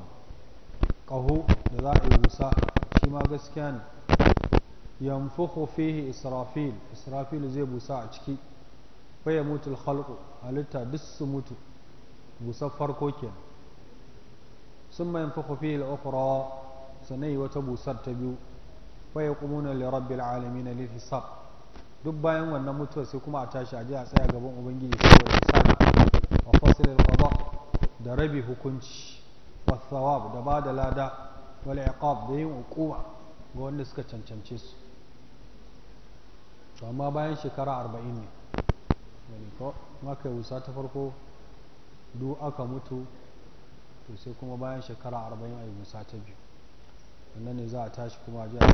ƙaho da za a yi busa shi ma gaskiya ne yanfukhu fihi israfil israfil zai busa a ciki fa yamutul khalqu halitta duk su mutu busar farko kenan wata ثم ينفخ فيه الأخرى سني وتبوسر تبيو ويقومون na na hisab duk bayan wannan mutuwa sai kuma a tashi a je a tsaya gaban ubangiji saboda hisabi a fasil al da rabi hukunci wa thawab da ba da lada wal iqab da yin ukuwa ga wanda suka cancance su to amma bayan shekara 40 ne wani ko maka wusa ta farko duk aka mutu to sai kuma bayan shekara arba'in a yi musa ta biyu wannan ne za a tashi kuma ji a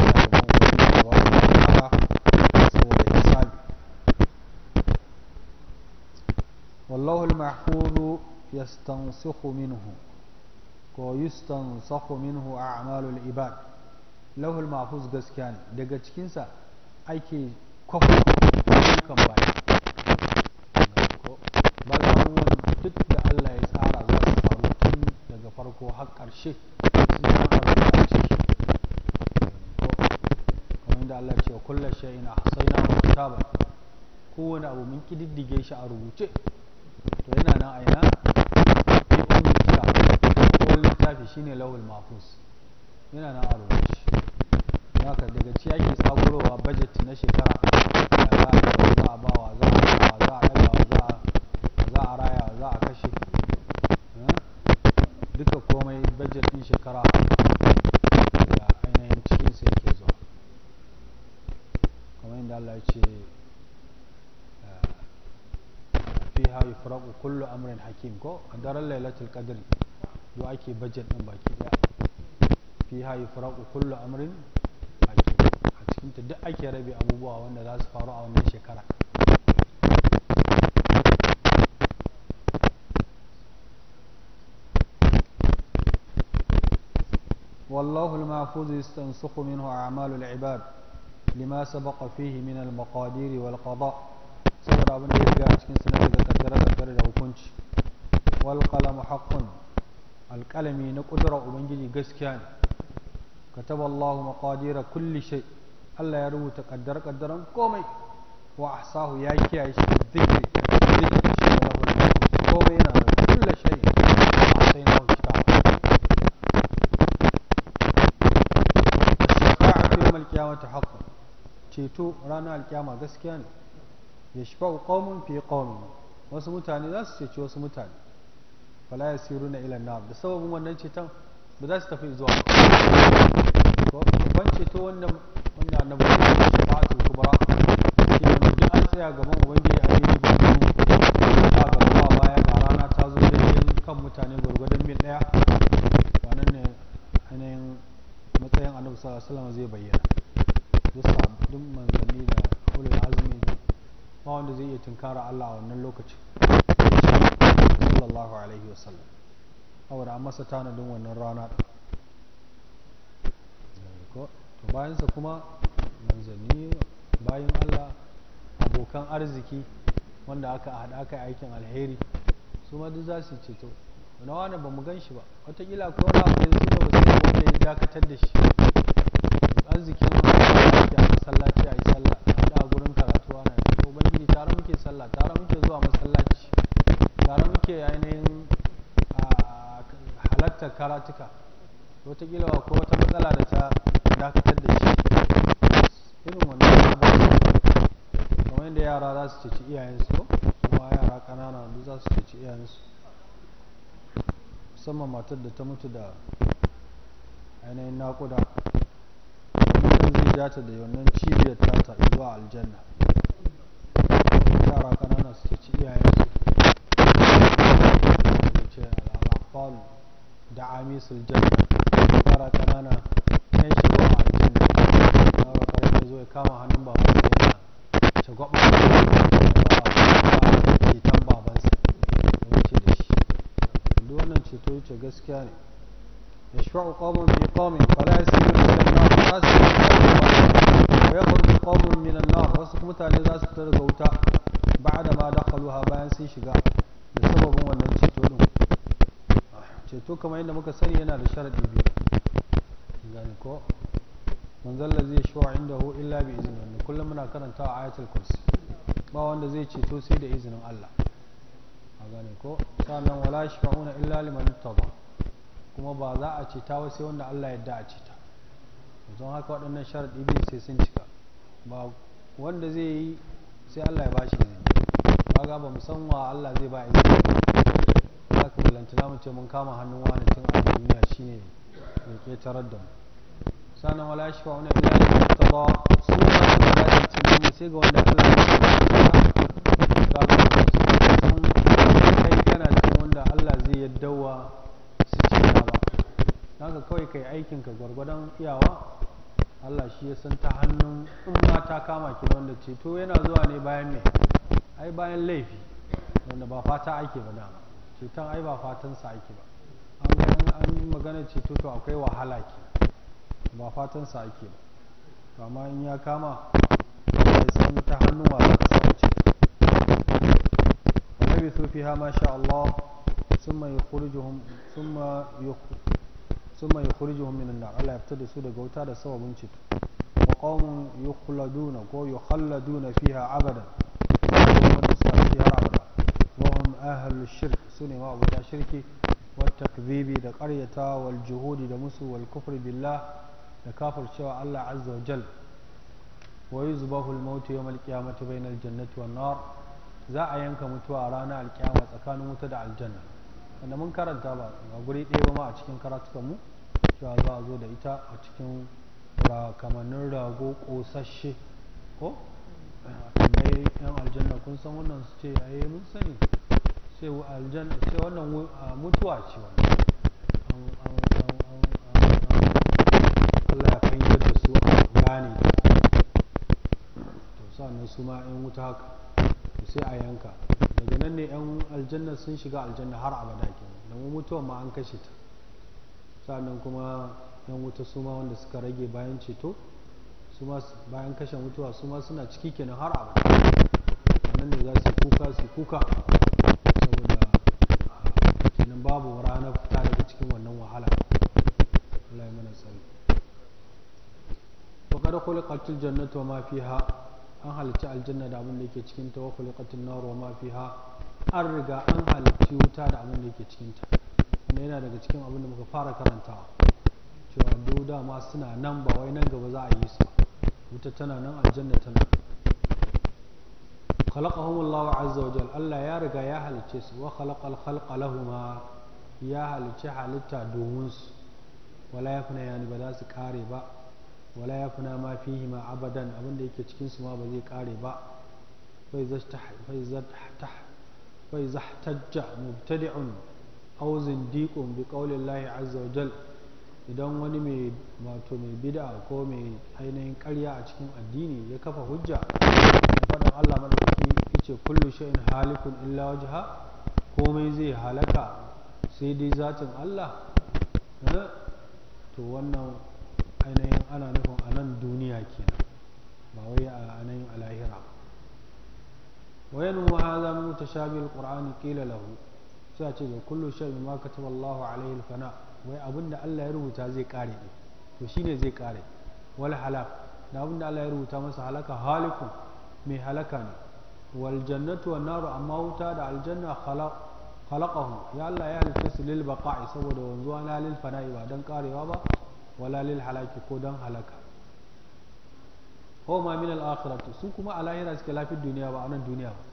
saboda hisabi wallahu al-mahfuzu yastansikhu minhu ko yustansakhu minhu a'malul ibad lahul mahfuz gaskiya ne daga cikinsa ake kofa ayyukan baya ba da abubuwan duk har ƙarshe kamar da Allah ce ina shay'in ahsayna wa ba kowane abu mun ƙididdige shi a rubuce to yana nan a yana ko littafi shine lawul mafus yana nan a rubuce ka daga ci ake tsagurowa budget na shekara za a bawa za a za a ɗaga za a raya za a kashe الفرق وكل أمر حكيم كو قدر الليلة القدر يؤكي بجت من باكي فيها يفرق كل أمر حكيم حتكم تدعك يا ربي أبو بوا وأن ذاس فارو أو من شكرا والله المحفوظ يستنسخ منه أعمال العباد لما سبق فيه من المقادير والقضاء سورة أبو نبيل ثلاثة درجة وكنش والقلم حق القلم نقدر ومنجلي قسكيان كتب الله مقادير كل شيء ألا يروه تقدر قدرا قومي وأحصاه ياكي عيش الذكر ذكر الشيخ قومينا كل شيء أعطيناه الكتاب الشفاعة في يوم القيامة حق تيتو رانا القيامة قسكيان يشفع قوم في قومنا wasu mutane za su ceci wasu mutane fala ya siru na ilan da sababin wannan ceton ba za su tafi zuwa ban ceto wannan wanda shi ba ce shafa'atul ba shi ne duk an tsaya gaban ubangiji a yi ba su ba gaba baya ga rana ta zo daidai kan mutane gwargwadon mil daya wannan ne ainihin matsayin annabi sallallahu alaihi wasallam zai bayyana duk manzanni da ba wanda zai iya tunkara Allah a wannan lokacin sallallahu alaihi wasallam saboda an masa tanadin wannan rana to bayansa kuma manzanni bayan Allah abokan arziki wanda aka haɗa aka aikin alheri su ma duk za su ceto na wani ba mu gan shi ba watakila ko na bayan su da wasu wanda ya dakatar da shi arzikin allah ya masallaci a yi sallah ake ainihin halartar karatuka watakila wa ko wata matsala da ta dakatar da shi irin wannan abubuwa kamar yadda yara za su ceci iyayensu kuma yara ƙanana wanda za su ceci iyayensu musamman matar da ta mutu da ainihin naƙuda zai dace da wannan cibiyar ta ta zuwa aljanna yara ƙanana su ceci iyayensu أطفال دعاميس الجنة ترى كمان ينشروا على الجنة نرى da زوي كما هنبا شقوق ceton babansa ya ce da shi donan ceto ya ce gaskiya ne ya shi wa'u ƙomin fi ƙomin fala ya sami da shan ya kurbi ƙomin minan na wasu mutane za su fita daga wuta ba da ma ha bayan sun shiga da sababin wannan ceto din ceto kamar yadda muka sani yana da sharaɗi biyu gani ko manzalla zai wa inda hu illa bi izinin wanda kullum muna karanta a ayatul kursi ba wanda zai ceto sai da izinin Allah a gani ko sannan wala shi fa'una illa liman taba kuma ba za a ceta wa sai wanda Allah yadda a ceta don haka waɗannan sharaɗi biyu sai sun cika ba wanda zai yi sai Allah ya bashi izini ba mu san wa Allah zai ba izini ballantana mu ce mun kama hannun wani tun a duniya shine mai tarar da mu sannan wala shi wani ila ya ba su ne da ya ce mun sai ga wanda Allah ya kana cikin wanda Allah zai yaddawa su ce ba haka kawai kai aikin ka gwargwadon iyawa Allah shi ya san ta hannun in ma ta kama ki wanda ceto yana zuwa ne bayan ne ai bayan laifi wanda ba fata ake ba dama cutan ai ba fatan sa ake ba an magana ce to akwai wahala ke ba fatan sa ake ba amma in ya kama sai san ta hannuwa za ta sami ce wani bi sufi ha ma sha Allah sun mai kurji hun minin da Allah ya fita da su daga wuta da sababin ceto wa qawmun yukhladuna ko yukhladuna fiha abadan wa qawmun yukhladuna fiha abadan ahlul shirk sune ma abuta shirki wata takzibi da qaryata wal juhudi da musu wal kufri billah da cewa Allah azza wa jal wa yuzbahu al maut yawm al qiyamati bainal jannati wan za a yanka mutuwa a ranar alkiyama tsakanin wuta da aljanna wanda mun karanta ba a guri ɗaya ba ma a cikin karatukan mu cewa za a zo da ita a cikin kamannin rago ƙosashe ko tambayi yan aljanna kun san wannan su ce ayi mun sani sai aljan sai wannan mutuwa ce Allah ya kai da su a gane to sannan su ma yan wuta haka sai a yanka daga nan ne yan aljanna sun shiga aljanna har abada kenan mu mutuwa ma an kashe ta sannan kuma yan wuta su ma wanda suka rage bayan ceto su ma bayan kashe mutuwa su ma suna ciki kenan har abada nan ne za su kuka su kuka domin babu ranar fita daga cikin wannan wahala Allah ya mana sani wa kada khuliqatil jannatu wa ma fiha an halicci aljanna da abin da yake cikin ta wa khuliqatin nar wa ma fiha an riga an halicci wuta da abin da yake cikin ta ne yana daga cikin abin da muka fara karanta. cewa duk dama suna nan ba wai nan gaba za a yi su wuta tana nan aljanna tana khalaqahum Allah azza wa jal Allah ya riga ya halice su wa khalaqal khalqa lahuma ya halice halitta domin su wala yafna yani ba za su kare ba wala yafna ma fihi ma abadan abinda yake cikin su ma ba zai kare ba fa iza tahtajja mubtadi'un auzin zindiqun bi qawli Allah azza wa idan wani mai wato mai bid'a ko mai ainihin karya a cikin addini ya kafa hujja Allah madaukaki yace kullu shay'in halikun illa wajha komai zai halaka sai dai zatin Allah eh? to wannan ainihin ana nufin a nan duniya kenan ba wai a nan alahira wa yanhu hadha min mutashabi alqur'ani qila lahu sai a ce ga kullu shay'in ma kataba Allahu alaihi alfana wai abinda Allah ya rubuta zai kare ne to shine zai kare wal halak da abinda Allah ya rubuta masa halaka halikun mai halaka ne Waljannatu jannatu naru amma wuta da aljanna khalaqahum ya Allah ya halitta su lil baqa'i saboda wanzuwa na lil fana'i ba dan karewa ba wala lil halaki ko dan halaka ma min al akhirati su kuma a lahira suke lafiyar duniya ba anan duniya ba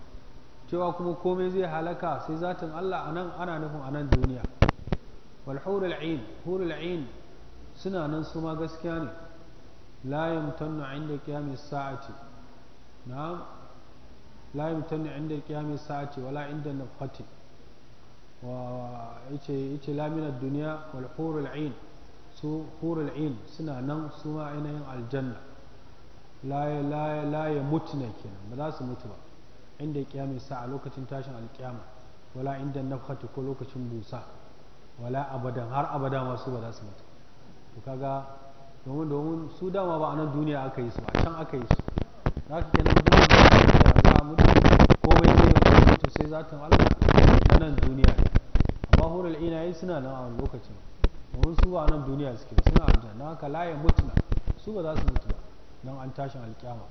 cewa kuma komai zai halaka sai zatin Allah anan ana nufin anan duniya wal hurul ain hurul ain suna nan su ma gaskiya ne la yamtannu inda qiyamis sa'ati na'am la yamtani inda qiyami sa'ati wala inda nafati wa yace yace la min ad-dunya wal hurul ain su suna nan su ma aljanna la la la ya kenan ba za su mutu ba inda qiyami sa'a lokacin tashin alqiyama wala inda nafati ko lokacin busa wala abadan har abada masu ba za su mutu to domin su dama ba a nan duniya aka yi su a can aka yi su zaka iya naga ɗan ƙasar da za mu tafiya ko bai tafiya ko ba su tafiya ko sai zata alfaharsu nan duniya ba ko da ina suna nan a lokacin ko ina su a nan duniyan suke suna abincin da haka la'ayan mutu na su ba za su mutu ba don an tashin alkyama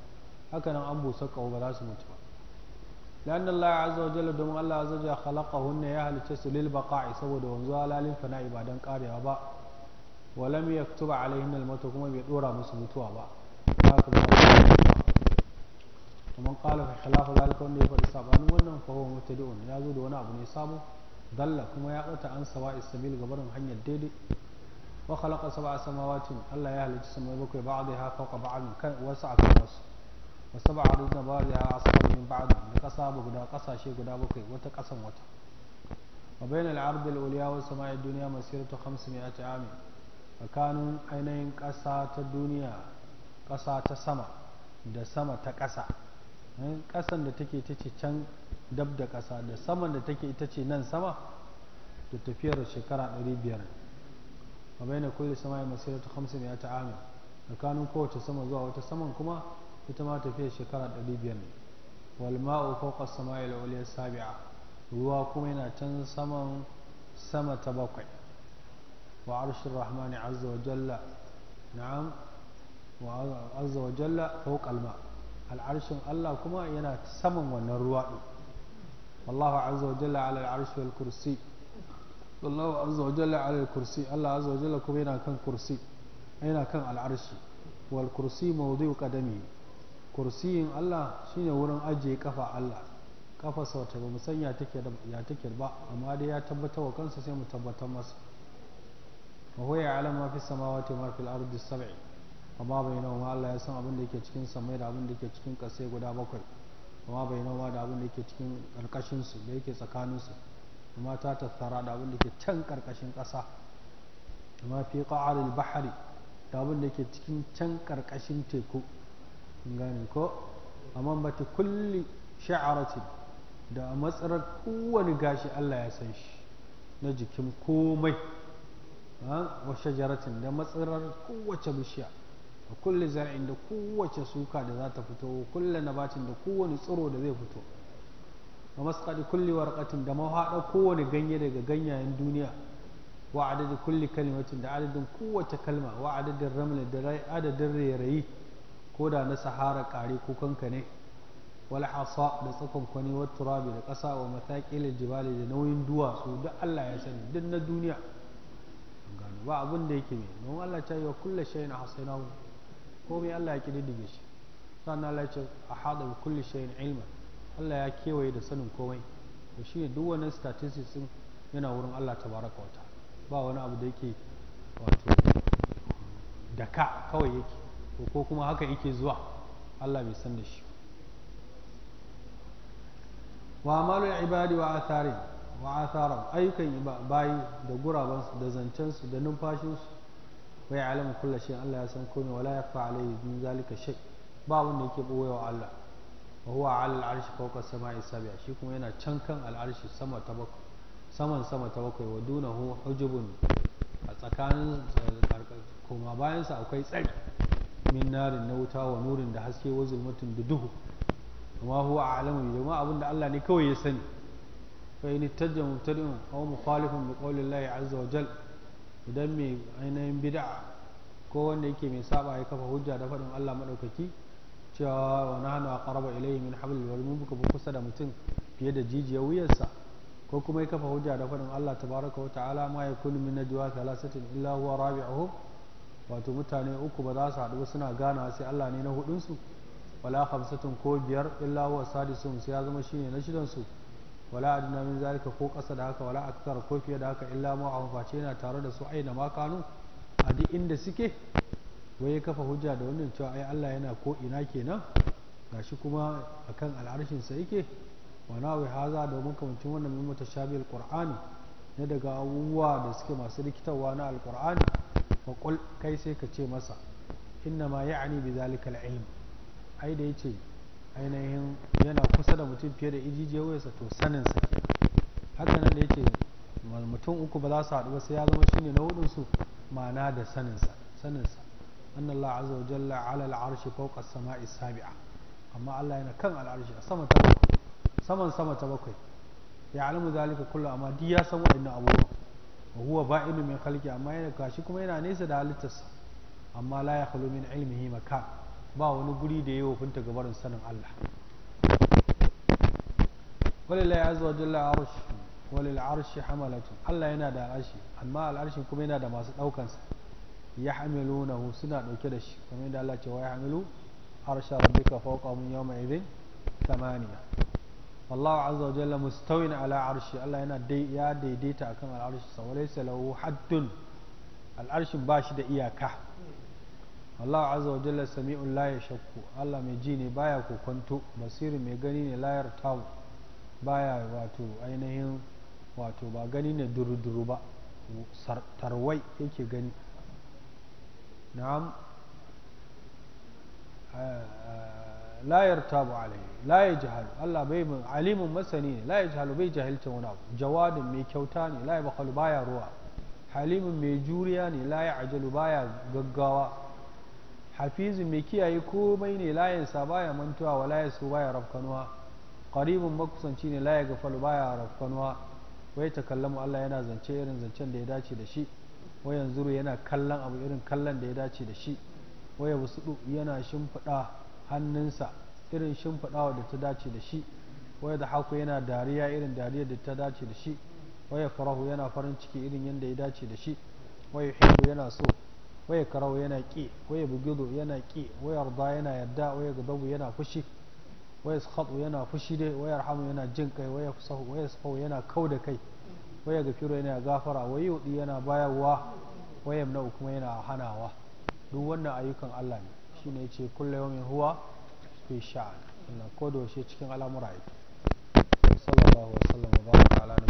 hakanan an bu sauka ba za su mutu ba. lallan layi a azo da waje allah azaje a khalaƙa hunna ya halarci su lilbaga aiki saboda wanzuwa lallin fa na ibada karewa ba. wala me oktoba a cikin halartar kuma bai dora musu mutuwa ba. ومن قال في خلاف ذلك وان يفر سابان wannan فهو مبتدئ ya zo da wani abu ne sabo dalla kuma ya bata an sawa isbil gabarin hanyar daidai wa khalaqa sab'a samawati Allah ya halicci samai bakwai ba'daha fawqa ba'd kan wasu akan wasu wa sab'a arda ba'daha asfal min ba'd da kasa ba guda kasashe guda bakwai wata kasan wata wa bainal ardi al-ulya ainihin ta duniya ta sama da sama ta ƙasa ƙasan da take ita ce can dab da ƙasa da saman da take ita ce nan sama da tafiyar shekara 500 a bayan kulli sama ya yata hamsin ya ta amin tsakanin kowace sama zuwa wata saman kuma ita ma tafiyar shekara 500 ne wal ma'u fawqa samai ya ulya sabi'a ruwa kuma yana can saman sama ta bakwai wa arshin rahmani azza wa jalla na'am wa azza wa jalla kalma al'arshin Allah kuma yana saman wannan ruwa ɗin Allah azza wa jalla ala al'arshi wal kursi Allah azza wa jalla ala kursi Allah azza wa jalla kuma yana kan kursi yana kan al'arshi wal kursi mawdi'u qadami kursiyin Allah shine wurin ajiye kafa Allah kafarsa wata ba mu sanya take ya take ba amma dai ya tabbatar wa kansa sai mu tabbatar masa wa huwa ya'lamu ma fi samawati wa ma fil ardi sab'i amma bai nawa Allah ya san abin da yake cikin samai da abin da yake cikin kasai guda bakwai amma bai nawa da abin da yake cikin karkashin su da yake tsakanin su amma ta tattara da abin da yake can karkashin ƙasa amma fi qa'aril bahri da abin da yake cikin can karkashin teku kun gane ko amma bata kulli sha'arati da a matsarar kowane gashi Allah ya san shi na jikin komai wa shajaratin da matsarar kowace bishiya da kulle zara'in da kowace suka da za ta fito kulle nabatin da kowane tsiro da zai fito wa masqadi kulli warqatin da mahaɗa kowane ganye daga ganyayen duniya wa adadin kulli kalimatin da adadin kowace kalma wa adadin ramlin da adadin rairayi ko da na sahara kare ko kankane ne wal hasa da tsakon kwani wa turabi da ƙasa wa matakila jibali da nauyin duwatsu duk Allah ya sani duk na duniya ba abin da yake mai don Allah ta yi wa kulle shay'in komai Allah ya kididdige shi sannan Allah ya ce a hada bi kulli shay'in ilma Allah ya kewaye da sanin komai to shi duk wani statistics din yana wurin Allah tabaraka wa ta'ala ba wani abu da yake wato da ka kawai yake ko kuma haka yake zuwa Allah bai san da shi wa amalu ibadi wa atharin wa atharu ayyukan bayi da gurabansu da zancensu da numfashinsu wa ya'lamu kullu shay'in Allah ya san komai wala yakfa alayhi min zalika shay ba wanda yake boyewa Allah wa huwa 'ala al-'arshi fawqa samai sab'a shi kuma yana can kan al-'arshi sama ta bakwai saman sama ta bakwai wa dunahu hujubun a tsakanin eh, koma bayansa akwai tsari min narin na wuta wa nurin da haske wa zulmatun da duhu amma huwa a'lamu bi jama'a abinda Allah ne kawai ya sani fa in tajjamu tad'u aw mukhalifun bi qawli Allah azza wa jalla idan mai ainihin bid'a ko wanda yake mai saba ya kafa hujja da faɗin Allah maɗaukaki cewa wa nahnu aqrabu ilayhi min hablil warid mun buka kusa da mutum fiye da jijiyar wuyarsa ko kuma ya kafa hujja da faɗin Allah tabaraka wata alama ya yakunu min najwa thalathatin illa huwa rabi'uhum wato mutane uku ba za su haɗu ba suna gana sai Allah ne na hudunsu wala khamsatun ko biyar illa huwa sadisun sai ya zama shine na shidansu su wala adna min zalika ko ƙasa da haka wala akthar ko fiye da haka illa ma an yana tare da su aina ma kanu a duk inda suke wai kafa hujja da wannan cewa ai Allah yana ko ina kenan gashi kuma akan al'arshin sa yake wa nawi haza domin kamancin wannan min mutashabi alqur'ani na daga abubuwa da suke masu rikitarwa na alqur'ani fa kai sai ka ce masa inna ma ya'ni bi zalika al'ilm ai da yace ainihin yana kusa da mutum fiye da ijijiyar wayarsa to sanin sa ke haka nan da yake mutum uku ba za su haɗu ba sai ya zama shine na hudun su ma'ana da sanin sa sanin sa Allah azza wa jalla ala al-arshi fawqa as-sama'i sabi'a amma Allah yana kan al-arshi a sama ta bakwai saman sama ta bakwai ya alamu zalika kullu amma duk ya san wa'annan abubuwa wa huwa ba'inu min khalqi amma yana kashi kuma yana nesa da halittarsa amma la yakhlu min ilmihi makan ba wani guri da yi wa wofinta gabarin sanin Allah walilai azza wa jalla arshi walil arshi hamalatu Allah yana da arshi amma al'arshi kuma yana da masu daukansa ya hamilu na suna dauke da shi kuma yadda Allah cewa ya hamilu arsha rabbika fawqa min yawma idhin thamaniya wallahu azza wa jalla mustawin ala arshi Allah yana ya daidaita akan al'arshi sa walaysa lahu haddun al'arshin ba shi da iyaka Allah azza wa jalla sami'un la yashakku Allah mai ji ne baya kokonto basirin mai gani ne la yartau baya wato ainihin wato ba gani ne duruduru ba tarwai yake gani na'am ah, ah, la yartabu alai la yajhal Allah bai mun alimun masani ne la yajhal bai jahilta wani abu jawadin mai kyauta ne la yabkhalu baya ruwa halimun mai juriya ne la ya ajalu baya gaggawa Hafizu mai kiyaye komai ne layinsa baya mantuwa wa layinsu baya rafkanuwa ƙaribin makusanci ne laye gafalu baya rafkanuwa wai ta mu Allah yana zance irin zancen da ya dace da shi wai yanzu yana kallon abu irin kallon da ya dace da shi wai ya busudu yana shimfiɗa hannunsa irin shimfiɗawa da ta dace da shi wai da haku yana dariya irin dariyar da ta dace da shi wai farahu yana farin ciki irin yadda ya dace da shi wai yana so waya karau yana ƙi waya bugido yana ƙi waya yarda yana yarda waya gadabu yana fushi waya khatu yana fushi dai waya rahamu yana jin kai waya fusahu waya sahu yana kau da kai waya gafiro yana gafara waya yudi yana bayarwa waya na kuma yana hanawa duk wannan ayyukan Allah ne shine yace kullu yawmin huwa fi sha'an na kodo shi cikin al'amura yake sallallahu alaihi wasallam wa baraka ala